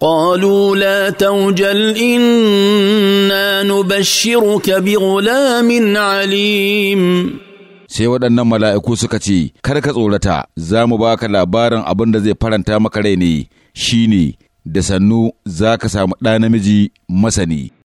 قالوا لا توجل إنا نبشرك بغلام عليم sai waɗannan mala'iku suka ce, Kar ka tsorata, za mu ba ka labarin abin da zai faranta maka rai ne, shi ne, da sannu za ka samu ɗa namiji masani.